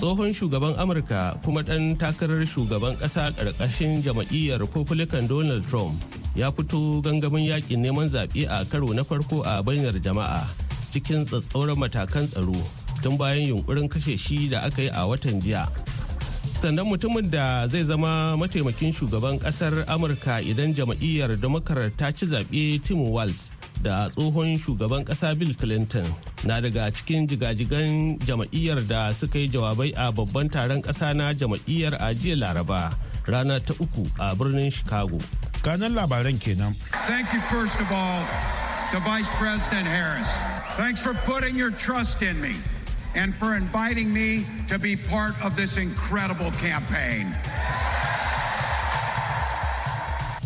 tsohon shugaban amurka kuma ɗan takarar shugaban ƙasa ƙarƙashin jama'iyyar republican donald trump ya fito gangamin yaƙin neman zaɓe a karo na farko a banyar jama'a cikin tsatsauran matakan tsaro tun bayan yunkurin kashe shi da aka yi a watan jiya sannan mutumin da zai zama mataimakin shugaban kasar amurka idan jama'iyyar democrat ta ci zaɓe tim walz da tsohon shugaban ƙasa bill clinton na daga cikin jigajigan jama'iyyar da suka yi jawabai a babban taron ƙasa na jama'iyyar a jiya laraba rana ta uku a birnin chicago kanan labaran kenan thank you first of all to vice president harris thanks for putting your trust in me and for inviting me to be part of this incredible campaign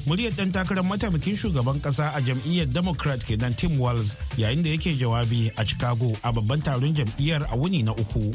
muryar ɗan takarar mataimakin shugaban ƙasa a jam'iyyar democrat kenan tim walz yayin da yake jawabi a chicago a babban taron jam'iyyar a wuni na uku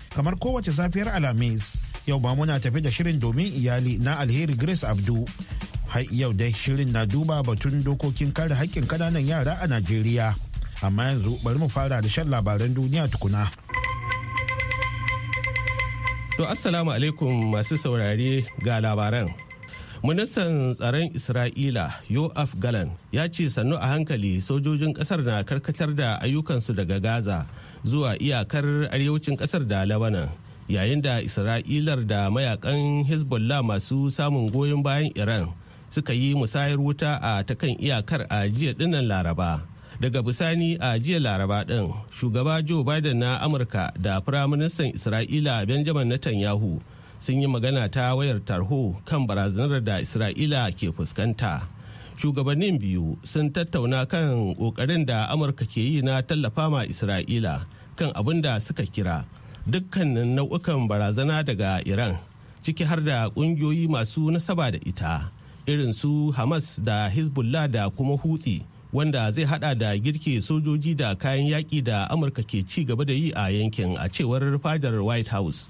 kamar kowace safiyar alhamis yau ba muna tafi da shirin domin iyali na alheri grace abdu har yau dai shirin na duba batun dokokin kare haƙƙin kananan yara a najeriya amma yanzu bari mu fara da shan labaran duniya tukuna to assalamu alaikum masu saurare ga labaran ministan tsaron isra'ila yoaf galan ya ce sannu a hankali sojojin kasar na karkatar da ayyukansu daga gaza zuwa iyakar arewacin kasar da labanan yayin da isra'ilar da mayakan hezbollah masu samun goyon bayan iran suka yi musayar wuta a ta kan iyakar a jiya dinnan laraba daga bisani a jiya laraba din shugaba joe biden na amurka da firaministan isra'ila benjamin netanyahu sun yi magana ta wayar tarho kan barazanar da isra'ila ke fuskanta shugabannin biyu sun tattauna kan ƙoƙarin da amurka ke yi na tallafa ma isra'ila kan abin da suka kira dukkanin nau'ukan barazana daga iran ciki har da ƙungiyoyi masu nasaba da ita irin su hamas da hezbollah da kuma hutsi wanda zai hada da girke sojoji da kayan yaƙi da amurka ke ci gaba da yi a yankin a cewar fadar white house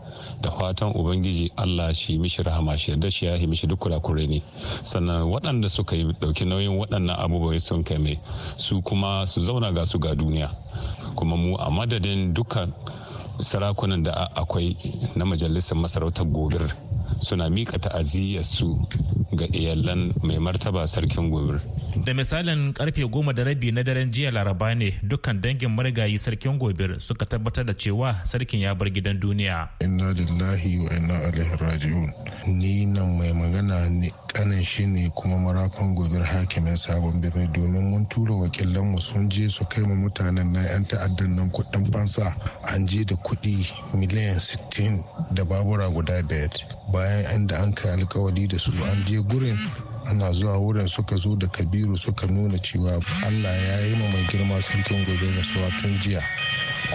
da fatan ubangiji allah shi mishi rahama shi yarda shi ya yi mishi duk kurakure ne sannan waɗanda suka yi ɗauki nauyin waɗannan abubuwa sun kai mai su kuma su zauna ga su ga duniya kuma mu a madadin dukkan sarakunan da akwai na majalisar masarautar gobir suna miƙa ta'aziyyar su ga iyalan mai martaba sarkin gobir da misalin karfe goma da rabi na daren jiya laraba ne dukkan dangin marigayi sarkin gobir suka tabbatar da cewa sarkin ya bar gidan duniya inna lillahi wa inna ilaihi raji'un ni nan mai magana ne kanin shi ne kuma marafan gobir hakimin sabon birni domin mun tura wakilan mu sun je su kai mu mutanen na yan ta'addan nan kudin fansa an je da kudi miliyan sittin da babura guda biyar bayan inda an kai alkawari da su an je gurin ana zuwa wurin suka zo da kabiru suka nuna cewa allah ya yi ma mai girma sarkin gobe rasuwa tun jiya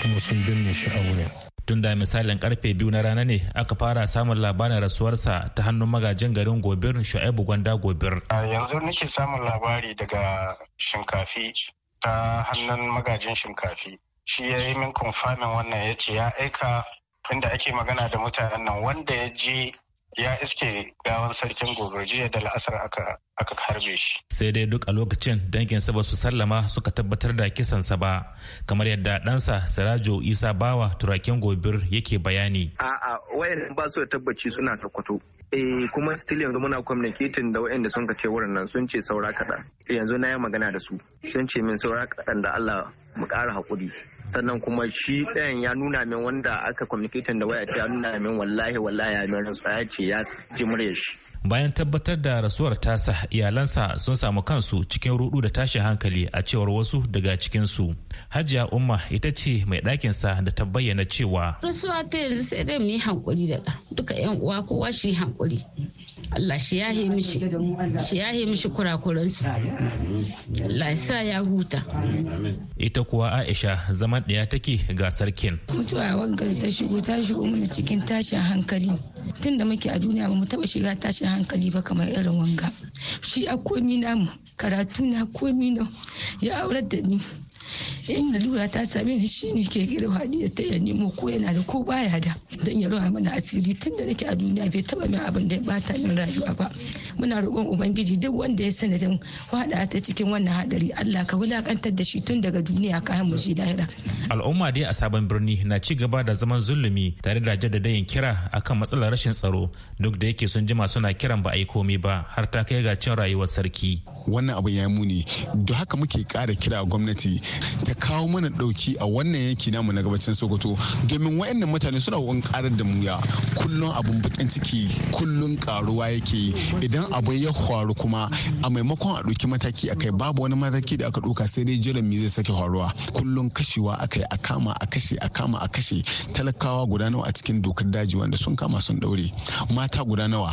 kuma sun binne shi a wurin tun da misalin karfe biyu na rana ne aka fara samun labarin rasuwarsa ta hannun magajin garin gobir shu'aibu gwanda gobir yanzu nake samun labari daga shinkafi ta hannun magajin shinkafi shi ya yi min wannan ya ce ya aika tunda ake magana da mutanen nan wanda ya je ya iske gawan sarkin gobe jiya da la'asar aka harbe shi. Sai dai duk a lokacin danginsa ba su sallama suka tabbatar da kisansa ba kamar yadda ɗansa Sirajo Isa Bawa turaken gobir yake bayani. A'a wayan ba su da tabbaci suna sakwato eh kuma still yanzu muna communicating da waɗanda sun kace wurin nan sun ce saura kaɗan yanzu na yi magana da su sun ce min saura kaɗan da Allah mu ƙara haƙuri sannan kuma shi ɗayan ya nuna min wanda aka communicating da waya ce ya nuna min wallahi wallahi ya min rantsuwa ya ce ya ji muryar shi bayan tabbatar da rasuwar tasa iyalansa sun samu kansu cikin rudu da tashin hankali a cewar wasu daga cikinsu hajiya umma ita ce mai ɗakinsa da ta bayyana cewa rasuwa ta yanzu sai dai mu yi hankuri da duka yan uwa kowa shi hankuri Allah shi yahe mishi shi yahe mishi kurakuransu Allah ya sa ya huta ita kuwa Aisha zaman ɗaya take ga sarkin mutuwa wanga ta shigo ta shigo mana cikin tashin hankali tun da muke a duniya ba mu taba shiga tashin hankali ba kamar irin wanga shi a komi namu karatu na komi na ya aurar da ni in lura ta same ni shine ke gida hadiya ta ya nemo ko yana da ko baya da dan ya rawa mana asiri tun da nake a duniya bai taba min abin da ya bata min rayuwa ba muna roƙon ubangiji duk wanda ya sanadin hada ta cikin wannan hadari Allah ka wulakantar da shi tun daga duniya kayan mu shi lahira al'umma dai a sabon birni na ci gaba da zaman zulumi tare da jaddada yin kira akan matsalar rashin tsaro duk da yake sun jima suna kiran ba a yi komai ba har ta kai ga cin rayuwar sarki wannan abu ya muni da haka muke kara kira gwamnati ta kawo mana dauki a wannan yanki namu na gabacin sokoto domin wayannan mutane suna wani karar da muya kullum abun bakin ciki kullum karuwa yake idan abu ya faru kuma a maimakon a ɗauki mataki akai babu wani mataki da aka ɗauka sai dai jiran zai sake faruwa kullum kashewa akai a kama a kashe a kama a kashe talakawa guda nawa a cikin dokar daji wanda sun kama sun daure mata guda nawa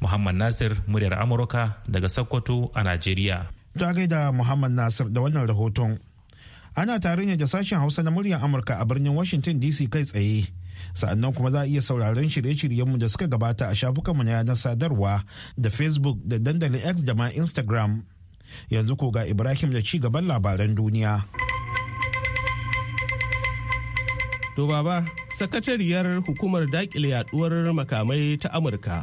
Muhammad Nasir muryar Amurka daga Sokoto a Najeriya. Da gaida Muhammad Nasir da wannan rahoton. Ana tare da sashen Hausa na muryar Amurka a birnin Washington DC kai tsaye. Sa'annan kuma za a iya sauraron shirye-shiryenmu da suka gabata a shafukanmu na yanar sadarwa da Facebook da dandalin X da ma Instagram. Yanzu ko ga Ibrahim da ci gaban labaran duniya. To baba, sakatariyar hukumar daƙile yaduwar makamai ta Amurka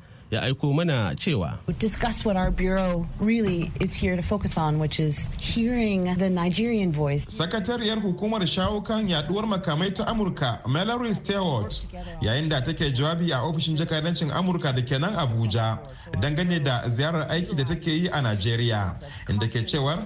ya aiko mana cewa. Discuss what our bureau is here focus on which is the Nigerian voice. Sakatariyar hukumar shawo kan yaduwar makamai ta Amurka Mallory Stewart yayin da take jawabi a ofishin jakadancin Amurka da ke nan Abuja dangane da ziyarar aiki da take yi a Najeriya inda ke cewar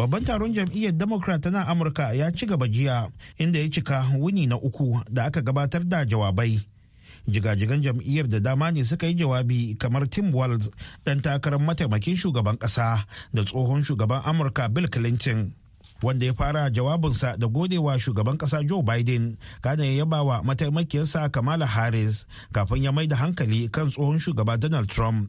Babban taron jam'iyyar Democrat na Amurka ya ci gaba jiya inda ya cika wuni na uku da aka gabatar da jawabai. Jigajigan jam'iyyar da dama ne suka yi jawabi kamar Tim Walz dan takarar mataimakin shugaban ƙasa da tsohon shugaban Amurka Bill Clinton. wanda ya fara jawabinsa da godewa shugaban kasa Joe Biden kada ya yaba wa mataimakiyarsa Kamala Harris kafin ya mai da hankali kan tsohon shugaba Donald Trump.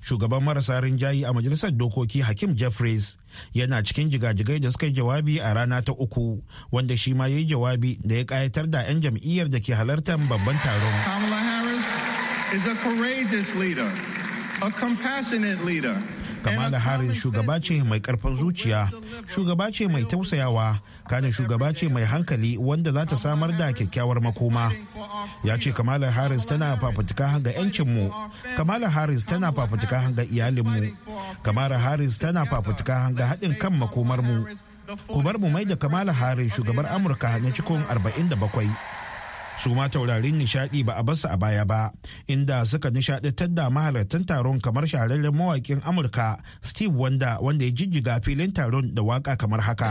shugaban marasa rinjayi a majalisar dokoki hakim jeffries yana cikin jigajigai da suka yi jawabi a rana ta uku wanda shi ma ya yi jawabi da ya kayatar da 'yan jam'iyyar da ke halartar babban taron kamala harris shugaba ce mai karfin zuciya shugaba ce mai tausayawa kane shugaba ce mai hankali wanda za ta samar da kyakkyawar makoma ya ce kamala harris tana fafutuka ga 'yancinmu kamala harris tana fafutuka ga iyalinmu kamala harris tana fafutuka ga haɗin kan makomarmu ku bar mu mai da kamala harris shugabar amurka na cikin 47 su ma taurarin nishadi ba a basu a baya ba inda suka nishadantar da mahalartan taron kamar shahararren mawakin amurka steve wanda wanda ya jijjiga filin taron da waka kamar haka.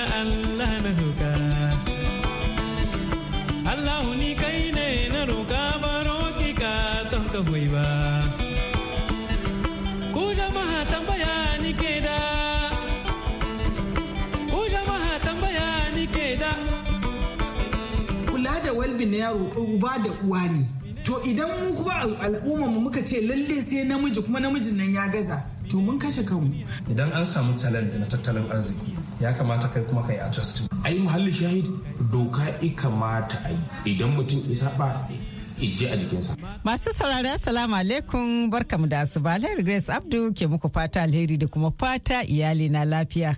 yaro uba da uwa ne to idan mu kuma al'umma mu muka ce lalle sai namiji kuma namijin nan ya gaza to mun kashe kanmu idan an samu challenge na tattalin arziki ya kamata kai kuma kai adjusting ai muhalli shahid doka i kamata ai idan mutum isa ba ije a jikinsa Masu saurara assalamu alaikum barkamu da asuba lahir Grace Abdu ke muku fata alheri da kuma fata iyali na lafiya.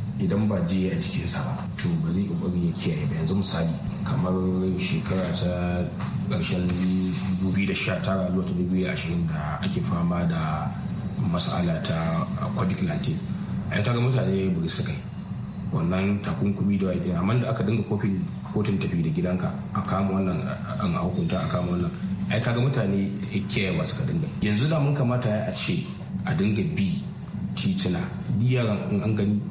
idan ba jiya a sa ba to ba zai kokari ya kiyaye ba yanzu misali kamar shekara ta ƙarshen 2019 zuwa ta 2020 da ake fama da mas'ala ta covid-19 ai kaga mutane bari su kai wannan takunkumi da wajen amma da aka dinga kofin kotun tafi da gidanka a kama wannan an hukunta a kama wannan ai kaga mutane kiyaye ba ka dinga yanzu da mun kamata a ce a dinga bi titina biyar an gani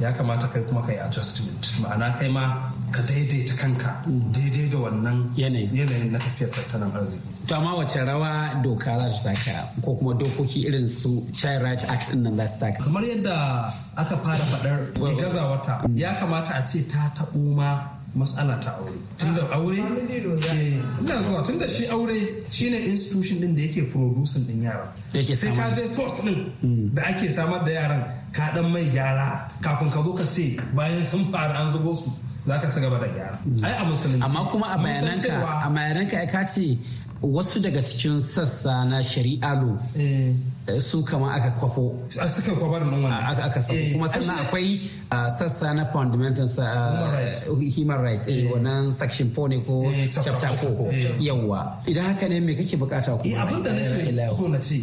ya kamata kai kuma kai adjustment ma'ana kai ma ka daidaita kanka daidai da wannan yanayin na tafiyar tattalin arziki to amma wace rawa doka za ta taka ko kuma dokoki irin su child rights act din nan za su taka kamar yadda aka fara faɗar wata. ya kamata a ce ta taɓo ma matsala ta aure tunda aure eh, ina zuwa tunda shi aure shine institution din da yake producing din yara sai ka je source din mm. da ake samar da yaran ka dan mai gyara kafin ka zo ka ce bayan sun fara an zubo su za ka ci gaba da gyara mm. ai a musulunci amma kuma a bayananka a bayananka ka ce wasu daga cikin sassa na shari'a lo eh. Eh, su kama aka kwafo A suka kwabar nan wannan aka sabo eh, kuma sannan akwai ah, sassa na fundamental ah, human rights eh wannan section 4 ne ko chapter 4 yawa idan haka ne me kake bukata ku abin da nake so na ce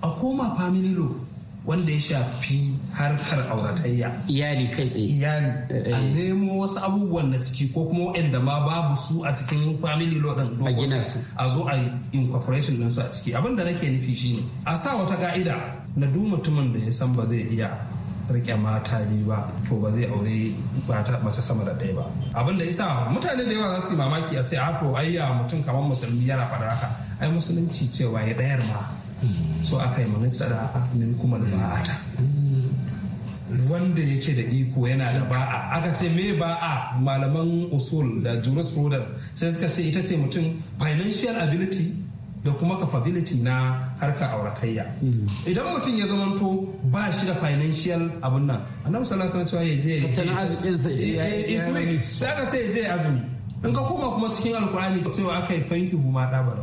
a koma family law wanda ya shafi harkar auratayya iyali kai tsaye iyali eh, a eh. nemo wasu abubuwan na ciki ko kuma waɗanda ma babu su a cikin family law din a gina su a zo a incorporation din su a ciki abinda da nake nufi shine a sa wata ga'ida na duk mutumin da ya san ba zai iya rike mata biyu ba to ba zai aure ba ta sama da ɗaya ba abinda da sa mutane da yawa za su yi mamaki a ce a to ayya mutum kamar musulmi yana faɗa haka ai musulunci cewa ya ɗayar ma so aka yi a min kuma ba'ata wanda yake da iko yana da ba'a aka ce me ba'a malaman usul da jurisprudence sai suka ce ita ce mutum financial ability da kuma capability na harkar auratayya idan mutum ya to ba shi da financial abun nan annabi sallallahu alaihi wasallam ya je ya arzikin sa ya aka ce ya je azumi in ka koma kuma cikin alkurani cewa aka yi fanki huma da ba da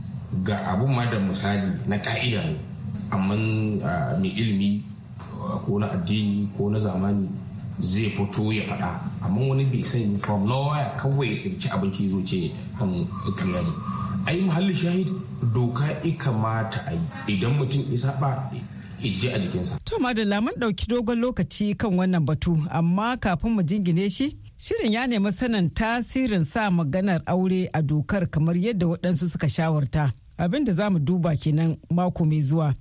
ga abun ma da misali na ka'ida ne amma mai ilimi ko na addini ko na zamani zai fito ya faɗa amma wani bai sani from nowhere kawai ya ɗauki abinci zo ce kan kariya a yi muhalli shahid doka ika kamata a yi idan mutum isa ba ije a jikinsa. To madalla mun ɗauki dogon lokaci kan wannan batu amma kafin mu jingine shi shirin ya nemi sanin tasirin sa maganar aure a dokar kamar yadda waɗansu suka shawarta. abin da za mu duba kenan mako mai zuwa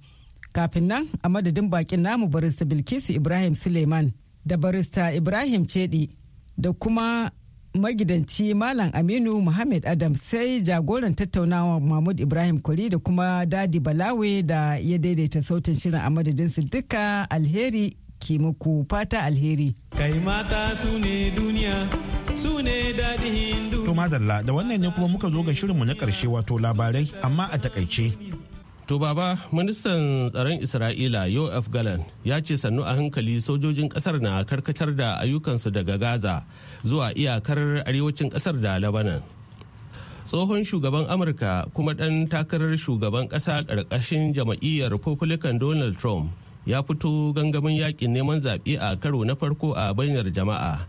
kafin nan a madadin bakin namu barista bilkisu ibrahim suleiman da barista ibrahim cedi da kuma magidanci malam aminu muhammad adam sai jagoran tattaunawa mahmud ibrahim kuri da kuma dadi balawe da ya daidaita sautin shirin a madadinsu duka alheri ke muku fata alheri kai mata su ne duniya su ne daɗin hindu. To madalla da wannan ne kuma muka zo ga shirinmu na ƙarshe wato labarai amma a takaice. To baba, ministan tsaron Isra'ila Yoav Galan ya ce sannu a hankali sojojin ƙasar na karkatar da ayyukansu daga Gaza zuwa iyakar arewacin ƙasar da Lebanon. Tsohon shugaban Amurka kuma ɗan takarar shugaban ƙasa ƙarƙashin jama'iyyar Republican Donald Trump ya fito gangamin yaƙin neman zaɓe a karo na farko a bainar jama'a.